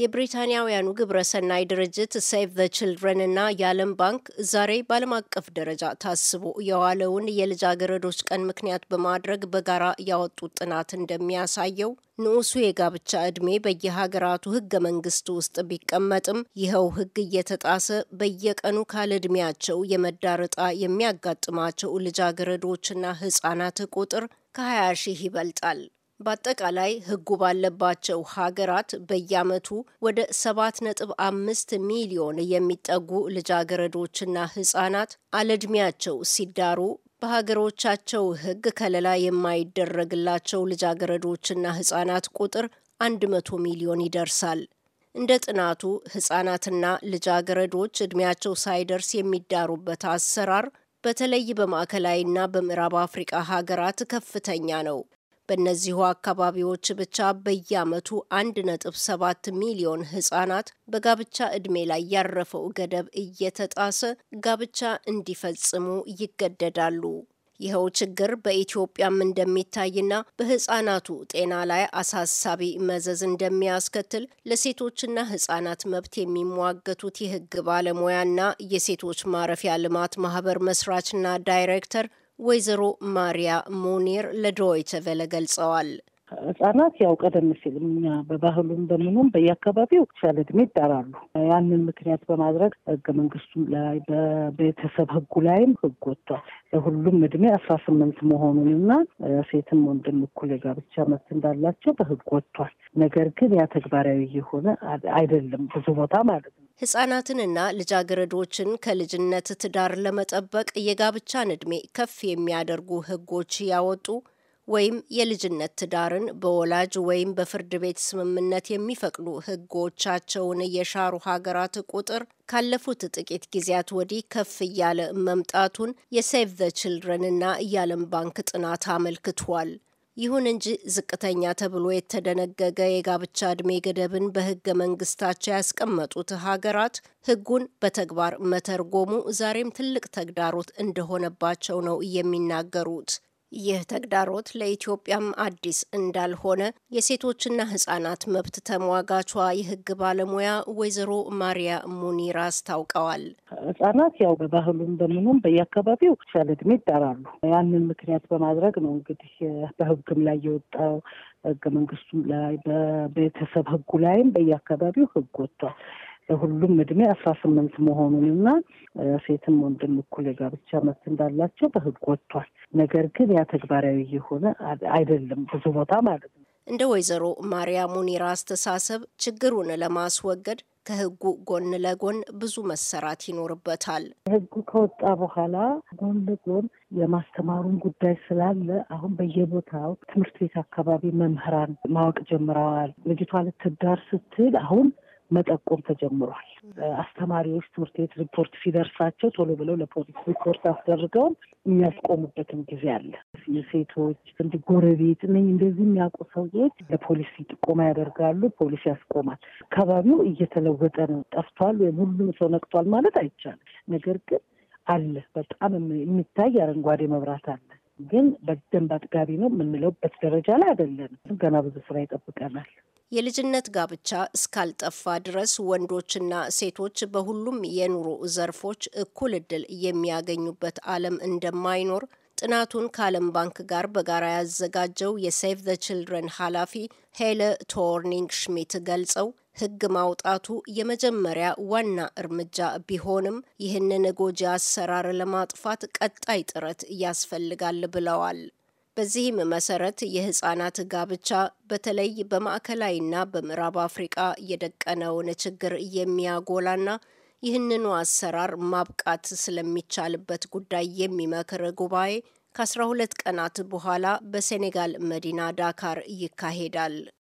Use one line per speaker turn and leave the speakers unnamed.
የብሪታንያውያኑ ግብረሰናይ ድርጅት ሴቭ ዘ ችልድረን እና የዓለም ባንክ ዛሬ በዓለም አቀፍ ደረጃ ታስቦ የዋለውን የልጃገረዶች ቀን ምክንያት በማድረግ በጋራ ያወጡት ጥናት እንደሚያሳየው ንዑሱ የጋብቻ ዕድሜ በየሀገራቱ ህገ መንግስት ውስጥ ቢቀመጥም ይኸው ሕግ እየተጣሰ በየቀኑ ካለዕድሜያቸው የመዳረጣ የሚያጋጥማቸው ልጃገረዶችና ህጻናት ቁጥር ከ20 ሺህ ይበልጣል። በአጠቃላይ ሕጉ ባለባቸው ሀገራት በየዓመቱ ወደ 7.5 ሚሊዮን የሚጠጉ ልጃገረዶችና ህጻናት አለዕድሜያቸው ሲዳሩ በሀገሮቻቸው ሕግ ከለላ የማይደረግላቸው ልጃገረዶችና ህጻናት ቁጥር 100 ሚሊዮን ይደርሳል። እንደ ጥናቱ ህጻናትና ልጃገረዶች እድሜያቸው ሳይደርስ የሚዳሩበት አሰራር በተለይ በማዕከላዊና በምዕራብ አፍሪቃ ሀገራት ከፍተኛ ነው። በእነዚሁ አካባቢዎች ብቻ በየዓመቱ 1.7 ሚሊዮን ህጻናት በጋብቻ ዕድሜ ላይ ያረፈው ገደብ እየተጣሰ ጋብቻ እንዲፈጽሙ ይገደዳሉ። ይኸው ችግር በኢትዮጵያም እንደሚታይና በህጻናቱ ጤና ላይ አሳሳቢ መዘዝ እንደሚያስከትል ለሴቶችና ህጻናት መብት የሚሟገቱት የህግ ባለሙያና የሴቶች ማረፊያ ልማት ማህበር መስራችና ዳይሬክተር ወይዘሮ ማሪያ ሞኔር ለዶይቸ ቬለ ገልጸዋል።
ህጻናት ያው ቀደም ሲል እኛ በባህሉም በምኑም በየአካባቢው ያለ እድሜ ይዳራሉ። ያንን ምክንያት በማድረግ ህገ መንግስቱ ላይ በቤተሰብ ህጉ ላይም ህግ ወጥቷል። ለሁሉም እድሜ አስራ ስምንት መሆኑን ሴትም ወንድም እኩል የጋብቻ መብት እንዳላቸው በህግ ወጥቷል። ነገር ግን ያ ተግባራዊ የሆነ አይደለም ብዙ ቦታ ማለት
ነው። ህጻናትንና ልጃገረዶችን ከልጅነት ትዳር ለመጠበቅ የጋብቻን ዕድሜ ከፍ የሚያደርጉ ህጎች ያወጡ ወይም የልጅነት ትዳርን በወላጅ ወይም በፍርድ ቤት ስምምነት የሚፈቅዱ ህጎቻቸውን የሻሩ ሀገራት ቁጥር ካለፉት ጥቂት ጊዜያት ወዲህ ከፍ እያለ መምጣቱን የሴቭ ዘ ችልድረንና የዓለም ባንክ ጥናት አመልክቷል። ይሁን እንጂ ዝቅተኛ ተብሎ የተደነገገ የጋብቻ ዕድሜ ገደብን በህገ መንግስታቸው ያስቀመጡት ሀገራት ህጉን በተግባር መተርጎሙ ዛሬም ትልቅ ተግዳሮት እንደሆነባቸው ነው የሚናገሩት። ይህ ተግዳሮት ለኢትዮጵያም አዲስ እንዳልሆነ የሴቶችና ህጻናት መብት ተሟጋቿ የህግ ባለሙያ ወይዘሮ ማሪያ ሙኒራ አስታውቀዋል።
ህጻናት ያው በባህሉም በምኑም በየአካባቢው ያለ እድሜ ይዳራሉ። ያንን ምክንያት በማድረግ ነው እንግዲህ በህግም ላይ የወጣው ህገ መንግስቱ ላይ በቤተሰብ ህጉ ላይም በየአካባቢው ህግ ወጥቷል። ለሁሉም እድሜ አስራ ስምንት መሆኑንና ሴትም ወንድም እኩል የጋብቻ መብት እንዳላቸው በህግ ወጥቷል። ነገር ግን ያ ተግባራዊ የሆነ አይደለም ብዙ ቦታ ማለት ነው።
እንደ ወይዘሮ ማርያም ሙኒራ አስተሳሰብ ችግሩን ለማስወገድ ከህጉ ጎን ለጎን ብዙ መሰራት ይኖርበታል።
ህጉ ከወጣ በኋላ ጎን ለጎን የማስተማሩን ጉዳይ ስላለ አሁን በየቦታው ትምህርት ቤት አካባቢ መምህራን ማወቅ ጀምረዋል። ልጅቷ ልትዳር ስትል አሁን መጠቆም ተጀምሯል። አስተማሪዎች ትምህርት ቤት ሪፖርት ሲደርሳቸው ቶሎ ብለው ለፖሊስ ሪፖርት አስደርገውን የሚያስቆሙበትም ጊዜ አለ። የሴቶች እንዲ ጎረቤት እነ እንደዚህ የሚያውቁ ሰዎች ለፖሊስ ጥቆማ ያደርጋሉ። ፖሊስ ያስቆማል። አካባቢው እየተለወጠ ነው። ጠፍቷል ወይም ሁሉም ሰው ነቅቷል ማለት አይቻልም። ነገር ግን አለ፣ በጣም የሚታይ አረንጓዴ መብራት አለ። ግን በደንብ አጥጋቢ ነው የምንለውበት ደረጃ ላይ አይደለንም። ገና ብዙ ስራ ይጠብቀናል።
የልጅነት ጋብቻ እስካልጠፋ ድረስ ወንዶችና ሴቶች በሁሉም የኑሮ ዘርፎች እኩል እድል የሚያገኙበት ዓለም እንደማይኖር ጥናቱን ከዓለም ባንክ ጋር በጋራ ያዘጋጀው የሴቭ ዘ ችልድረን ኃላፊ ሄለ ቶርኒንግ ሽሚት ገልጸው ሕግ ማውጣቱ የመጀመሪያ ዋና እርምጃ ቢሆንም ይህንን ጎጂ አሰራር ለማጥፋት ቀጣይ ጥረት ያስፈልጋል ብለዋል። በዚህም መሰረት የህጻናት ጋብቻ በተለይ በማዕከላዊና በምዕራብ አፍሪቃ የደቀነውን ችግር የሚያጎላና ይህንኑ አሰራር ማብቃት ስለሚቻልበት ጉዳይ የሚመክር ጉባኤ ከ12 ቀናት በኋላ በሴኔጋል መዲና ዳካር ይካሄዳል።